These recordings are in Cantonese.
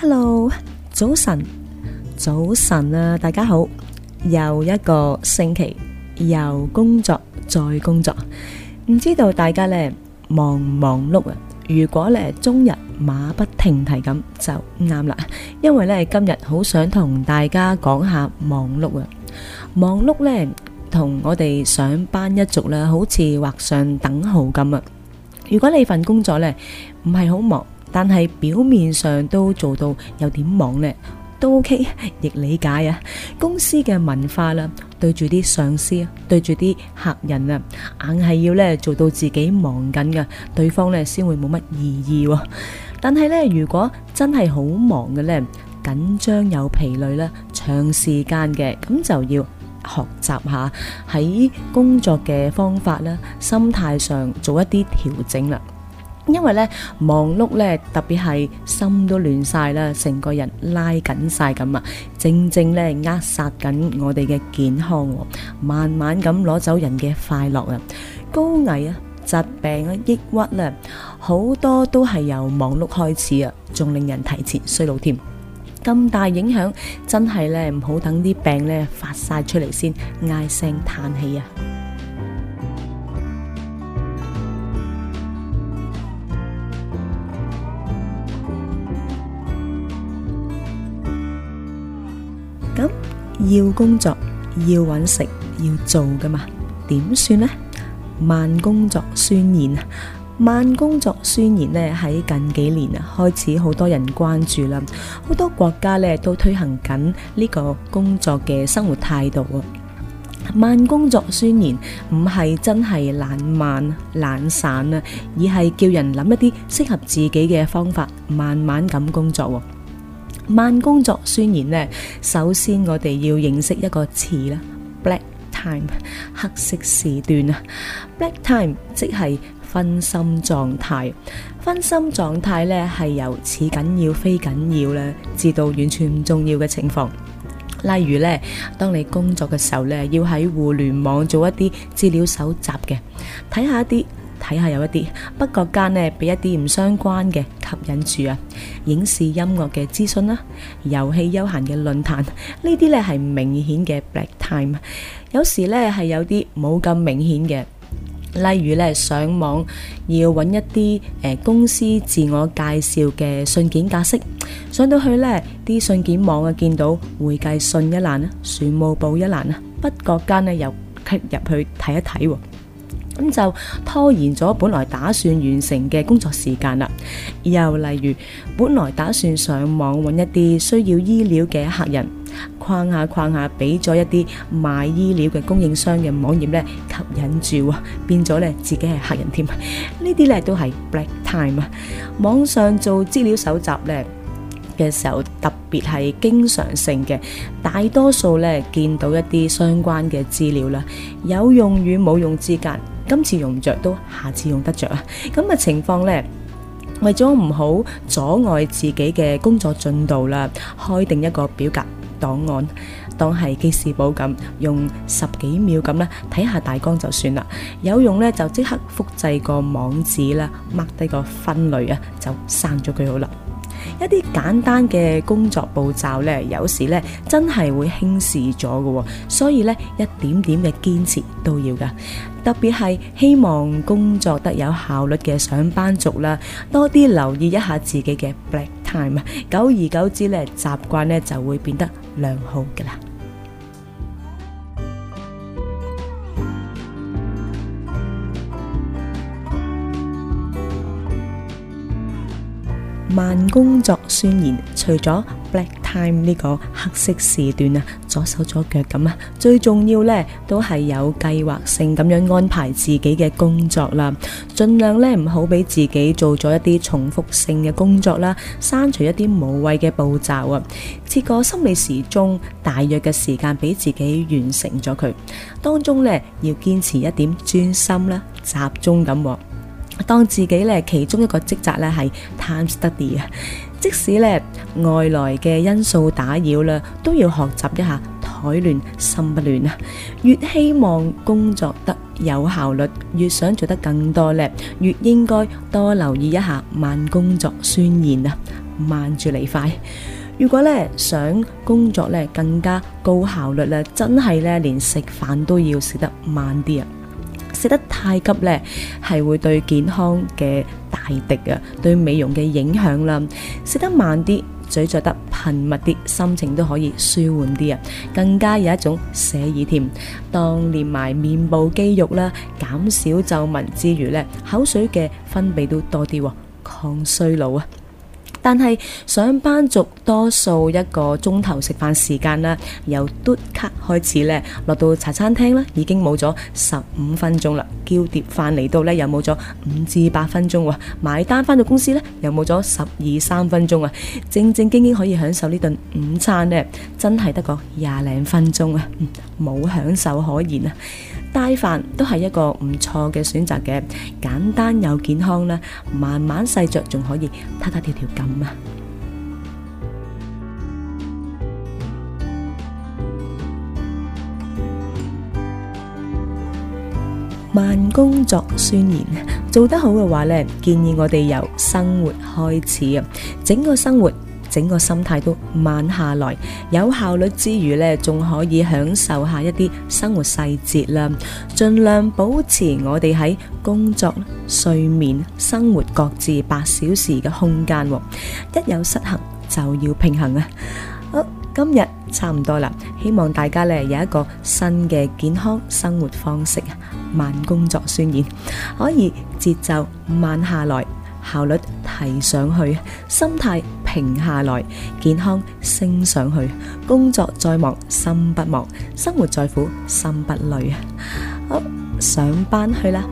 Hello, 早晨！早晨！早晨，但係表面上都做到有點忙咧，都 OK，亦理解啊。公司嘅文化啦，對住啲上司啊，對住啲客人啊，硬係要咧做到自己忙緊嘅，對方咧先會冇乜異議。但係咧，如果真係好忙嘅咧，緊張又疲累啦，長時間嘅，咁就要學習下喺工作嘅方法啦，心態上做一啲調整啦。因為咧忙碌咧，特別係心都亂晒啦，成個人拉緊晒咁啊，正正咧扼殺緊我哋嘅健康，慢慢咁攞走人嘅快樂啊，高危啊，疾病啊，抑鬱啊，好多都係由忙碌開始啊，仲令人提前衰老添，咁大影響，真係咧唔好等啲病咧發晒出嚟先唉聲嘆氣啊！要工作，要搵食，要做噶嘛，點算呢？慢工作宣言啊，慢工作宣言呢喺近幾年啊開始好多人關注啦，好多國家呢都推行緊呢個工作嘅生活態度啊。慢工作宣言唔係真係懶慢懶散啊，而係叫人諗一啲適合自己嘅方法，慢慢咁工作。慢工作宣言呢，首先我哋要認識一個詞啦，black time 黑色時段啊。black time 即係分心狀態。分心狀態咧係由似緊要非緊要咧，至到完全唔重要嘅情況。例如咧，當你工作嘅時候咧，要喺互聯網做一啲資料搜集嘅，睇下一啲。睇下有一啲，不覺間呢，俾一啲唔相關嘅吸引住啊，影視音樂嘅資訊啦，遊戲休閒嘅論壇，呢啲呢係明顯嘅 black time。有時呢係有啲冇咁明顯嘅，例如呢，上網要揾一啲誒、呃、公司自我介紹嘅信件格式，上到去呢啲信件網啊，見到會計信一欄，一欄看一看啊，財務報一欄啊，不覺間呢又入去睇一睇喎。咁就拖延咗本來打算完成嘅工作時間啦。又例如，本來打算上網揾一啲需要醫療嘅客人，逛下逛下，俾咗一啲賣醫療嘅供應商嘅網頁咧吸引住，變咗咧自己係客人添。呢啲咧都係 black time 啊！網上做資料搜集咧嘅時候，特別係經常性嘅，大多數咧見到一啲相關嘅資料啦，有用與冇用之間。今次用唔著都下次用得著啊！咁嘅情況咧，為咗唔好阻礙自己嘅工作進度啦，開定一個表格檔案，當係記事簿咁，用十幾秒咁咧睇下大綱就算啦。有用咧就即刻複製個網址啦，mark 低個分類啊，就刪咗佢好啦。一啲簡單嘅工作步驟咧，有時咧真係會輕視咗嘅，所以咧一點點嘅堅持都要噶，特別係希望工作得有效率嘅上班族啦，多啲留意一下自己嘅 black time，久而久之咧，習慣咧就會變得良好噶啦。慢工作宣言，除咗 Black Time 呢個黑色時段啊，左手左腳咁啊，最重要呢都係有計劃性咁樣安排自己嘅工作啦，盡量呢唔好俾自己做咗一啲重複性嘅工作啦，刪除一啲無謂嘅步驟啊，設個心理時鐘，大約嘅時間俾自己完成咗佢，當中呢要堅持一點專心啦，集中咁。當自己咧其中一個職責咧係 time study 啊，即使咧外來嘅因素打擾啦，都要學習一下怠亂心不亂啊。越希望工作得有效率，越想做得更多咧，越應該多留意一下慢工作宣言啊，慢住嚟快。如果咧想工作咧更加高效率啦，真係咧連食飯都要食得慢啲啊。食得太急呢，係會對健康嘅大敵啊，對美容嘅影響啦。食得慢啲，咀嚼得頻密啲，心情都可以舒緩啲啊，更加有一種寫意添。當練埋面部肌肉啦，減少皺紋之餘呢，口水嘅分泌都多啲，抗衰老啊。但係上班族多數一個鐘頭食飯時間啦，由嘟卡開始咧，落到茶餐廳啦，已經冇咗十五分鐘啦。叫碟飯嚟到咧，又冇咗五至八分鐘喎、啊。買單翻到公司咧，又冇咗十二三分鐘啊！正正經經可以享受呢頓午餐呢，真係得個廿零分鐘啊，冇、嗯、享受可言啊！帶飯都係一個唔錯嘅選擇嘅，簡單又健康啦，慢慢細嚼仲可以，撻撻跳跳咁。慢工作宣言做得好嘅話咧，建議我哋由生活開始啊！整個生活。整個心態都慢下來，有效率之餘呢，仲可以享受下一啲生活細節啦。盡量保持我哋喺工作、睡眠、生活各自八小時嘅空間喎，一有失衡就要平衡啊！好，今日差唔多啦，希望大家呢有一個新嘅健康生活方式，慢工作宣言，可以節奏慢下來，效率提上去，心態。停下來，健康升上去，工作再忙，心不忙，生活再苦，心不累，好，上班去啦，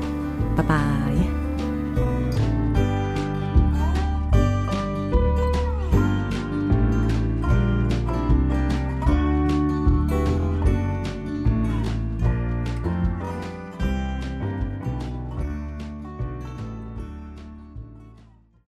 拜拜。